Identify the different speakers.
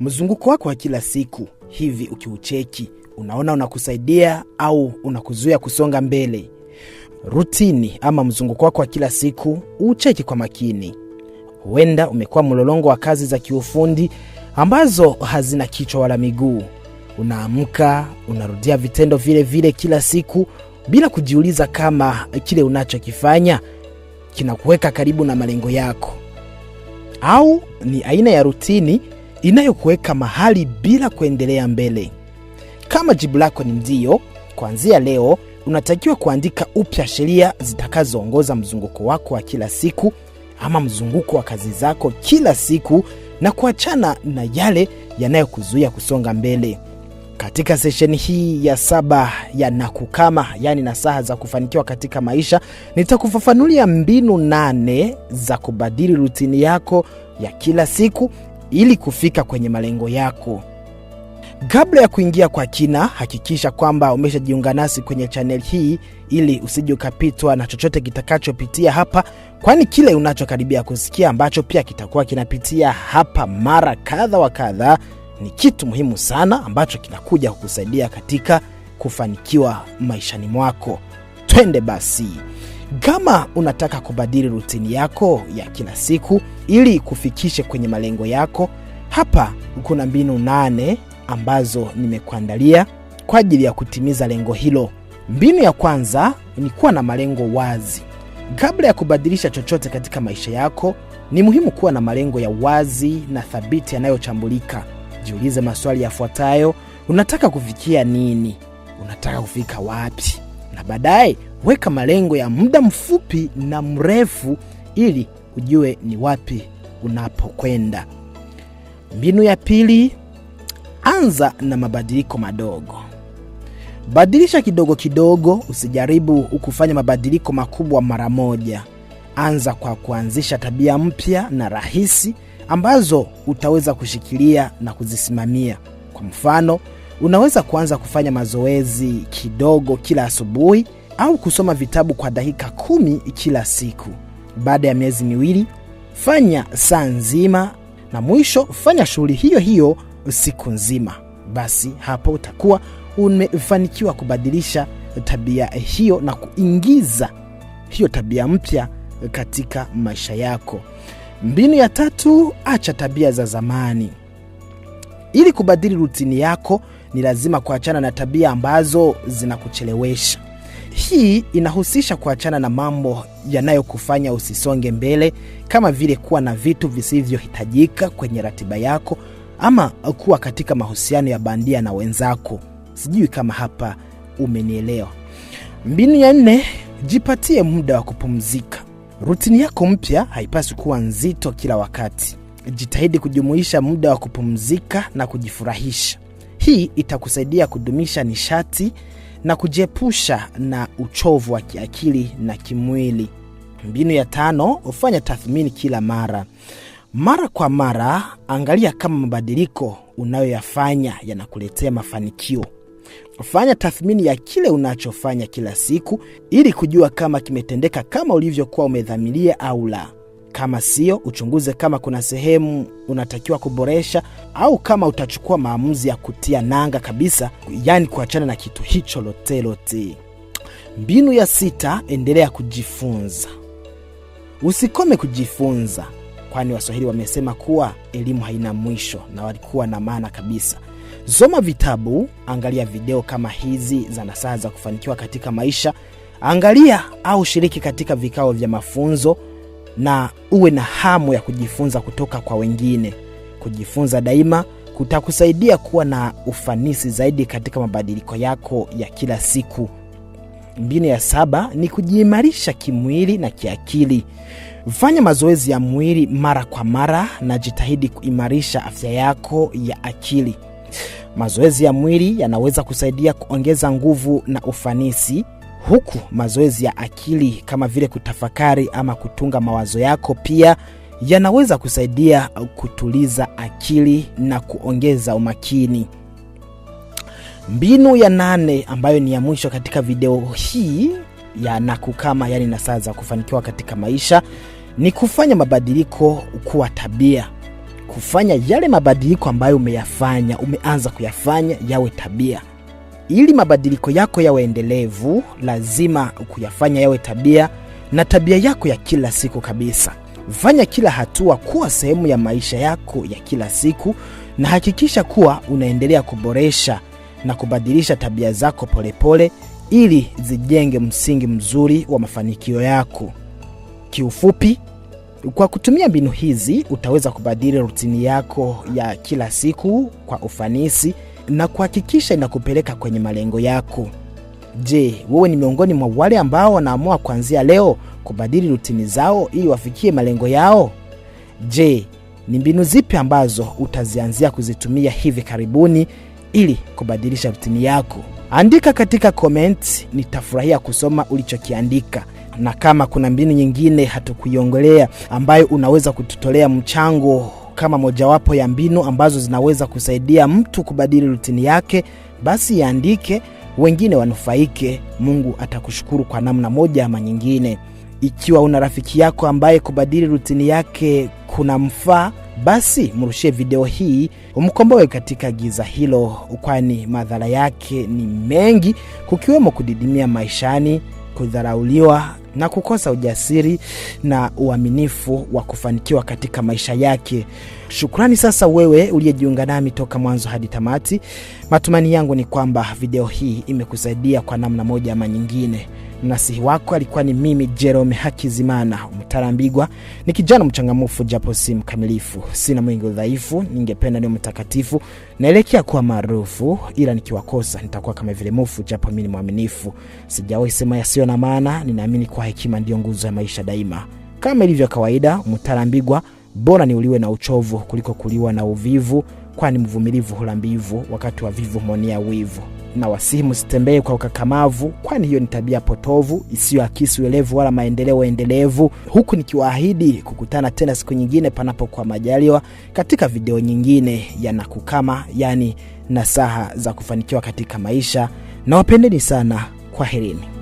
Speaker 1: mzunguko wako wa kila siku. Hivi ukiucheki unaona unakusaidia au unakuzuia kusonga mbele? Rutini ama mzunguko wako wa kila siku uucheki kwa makini. Huenda umekuwa mlolongo wa kazi za kiufundi ambazo hazina kichwa wala miguu. Unaamka, unarudia vitendo vile vile kila siku bila kujiuliza kama kile unachokifanya kinakuweka karibu na malengo yako, au ni aina ya rutini inayokuweka mahali bila kuendelea mbele. Kama jibu lako ni ndio, kuanzia leo unatakiwa kuandika upya sheria zitakazoongoza mzunguko wako wa kila siku ama mzunguko wa kazi zako kila siku na kuachana na yale yanayokuzuia kusonga mbele. Katika sesheni hii ya saba ya Nakukama, yaani saha za kufanikiwa katika maisha, nitakufafanulia mbinu nane za kubadili rutini yako ya kila siku ili kufika kwenye malengo yako. Kabla ya kuingia kwa kina, hakikisha kwamba umeshajiunga nasi kwenye chanel hii ili usije ukapitwa na chochote kitakachopitia hapa, kwani kile unachokaribia kusikia ambacho pia kitakuwa kinapitia hapa mara kadha wa kadha ni kitu muhimu sana ambacho kinakuja kukusaidia katika kufanikiwa maishani mwako. Twende basi. Kama unataka kubadili rutini yako ya kila siku ili kufikishe kwenye malengo yako, hapa kuna mbinu nane ambazo nimekuandalia kwa ajili ya kutimiza lengo hilo. Mbinu ya kwanza ni kuwa na malengo wazi. Kabla ya kubadilisha chochote katika maisha yako, ni muhimu kuwa na malengo ya wazi na thabiti yanayochambulika. Jiulize maswali yafuatayo: unataka kufikia nini? Unataka kufika wapi? na baadaye weka malengo ya muda mfupi na mrefu ili ujue ni wapi unapokwenda. Mbinu ya pili, anza na mabadiliko madogo. Badilisha kidogo kidogo, usijaribu kufanya mabadiliko makubwa mara moja. Anza kwa kuanzisha tabia mpya na rahisi ambazo utaweza kushikilia na kuzisimamia. Kwa mfano, Unaweza kuanza kufanya mazoezi kidogo kila asubuhi au kusoma vitabu kwa dakika kumi kila siku. Baada ya miezi miwili, fanya saa nzima, na mwisho fanya shughuli hiyo hiyo siku nzima. Basi hapo utakuwa umefanikiwa kubadilisha tabia hiyo na kuingiza hiyo tabia mpya katika maisha yako. Mbinu ya tatu, acha tabia za zamani. Ili kubadili rutini yako ni lazima kuachana na tabia ambazo zinakuchelewesha. Hii inahusisha kuachana na mambo yanayokufanya usisonge mbele, kama vile kuwa na vitu visivyohitajika kwenye ratiba yako ama kuwa katika mahusiano ya bandia na wenzako. Sijui kama hapa umenielewa. Mbinu ya nne, jipatie muda wa kupumzika. Rutini yako mpya haipaswi kuwa nzito kila wakati. Jitahidi kujumuisha muda wa kupumzika na kujifurahisha. Hii itakusaidia kudumisha nishati na kujiepusha na uchovu wa kiakili na kimwili. Mbinu ya tano, hufanya tathmini kila mara. Mara kwa mara, angalia kama mabadiliko unayoyafanya yanakuletea mafanikio. Fanya tathmini ya kile unachofanya kila siku ili kujua kama kimetendeka kama ulivyokuwa umedhamiria au la. Kama sio, uchunguze kama kuna sehemu unatakiwa kuboresha, au kama utachukua maamuzi ya kutia nanga kabisa, yani kuachana na kitu hicho lote Mbinu ya sita, endelea kujifunza. Usikome kujifunza, kwani Waswahili wamesema kuwa elimu haina mwisho, na walikuwa na maana kabisa. Soma vitabu, angalia video kama hizi za nasaha za kufanikiwa katika maisha, angalia au shiriki katika vikao vya mafunzo na uwe na hamu ya kujifunza kutoka kwa wengine. Kujifunza daima kutakusaidia kuwa na ufanisi zaidi katika mabadiliko yako ya kila siku. Mbinu ya saba ni kujiimarisha kimwili na kiakili. Fanya mazoezi ya mwili mara kwa mara na jitahidi kuimarisha afya yako ya akili. Mazoezi ya mwili yanaweza kusaidia kuongeza nguvu na ufanisi, huku mazoezi ya akili kama vile kutafakari ama kutunga mawazo yako pia yanaweza kusaidia kutuliza akili na kuongeza umakini. Mbinu ya nane ambayo ni ya mwisho katika video hii ya Nakukama, yani saa za kufanikiwa katika maisha, ni kufanya mabadiliko kuwa tabia. Kufanya yale mabadiliko ambayo umeyafanya, umeanza kuyafanya yawe tabia. Ili mabadiliko yako yawe endelevu, lazima kuyafanya yawe tabia na tabia yako ya kila siku kabisa. Fanya kila hatua kuwa sehemu ya maisha yako ya kila siku, na hakikisha kuwa unaendelea kuboresha na kubadilisha tabia zako polepole pole, ili zijenge msingi mzuri wa mafanikio yako. Kiufupi, kwa kutumia mbinu hizi utaweza kubadili rutini yako ya kila siku kwa ufanisi na kuhakikisha inakupeleka kwenye malengo yako. Je, wewe ni miongoni mwa wale ambao wanaamua kuanzia leo kubadili rutini zao ili wafikie malengo yao? Je, ni mbinu zipi ambazo utazianzia kuzitumia hivi karibuni ili kubadilisha rutini yako? Andika katika komenti, nitafurahia kusoma ulichokiandika na kama kuna mbinu nyingine hatukuiongelea ambayo unaweza kututolea mchango kama mojawapo ya mbinu ambazo zinaweza kusaidia mtu kubadili rutini yake, basi yaandike, wengine wanufaike. Mungu atakushukuru kwa namna moja ama nyingine. Ikiwa una rafiki yako ambaye kubadili rutini yake kuna mfaa, basi mrushie video hii umkomboe katika giza hilo, kwani madhara yake ni mengi, kukiwemo kudidimia maishani kudharauliwa na kukosa ujasiri na uaminifu wa kufanikiwa katika maisha yake. Shukrani sasa wewe uliyejiunga nami toka mwanzo hadi tamati. Matumaini yangu ni kwamba video hii imekusaidia kwa namna moja ama nyingine. Mnasihi wako alikuwa ni mimi Jerome Hakizimana. Mtarambigwa ni kijana mchangamfu, japo si mkamilifu, sina mwingi udhaifu, ningependa ni mtakatifu, naelekea kuwa maarufu, ila nikiwakosa nitakuwa kama vile mufu, japo mi ni mwaminifu, sijawahi sema yasiyo na maana. Ninaamini kwa hekima ndiyo nguzo ya maisha daima. Kama ilivyo kawaida, Mtarambigwa, bora niuliwe na uchovu kuliko kuliwa na uvivu kwani mvumilivu hula mbivu, wakati vivu monia wivu. Na wasihi msitembee kwa ukakamavu, kwani hiyo ni tabia potovu isiyoakisi uelevu wala maendeleo endelevu, huku nikiwaahidi kukutana tena siku nyingine, panapokuwa majaliwa, katika video nyingine ya Nakukama, yani nasaha za kufanikiwa katika maisha. Na wapendeni sana, kwa herini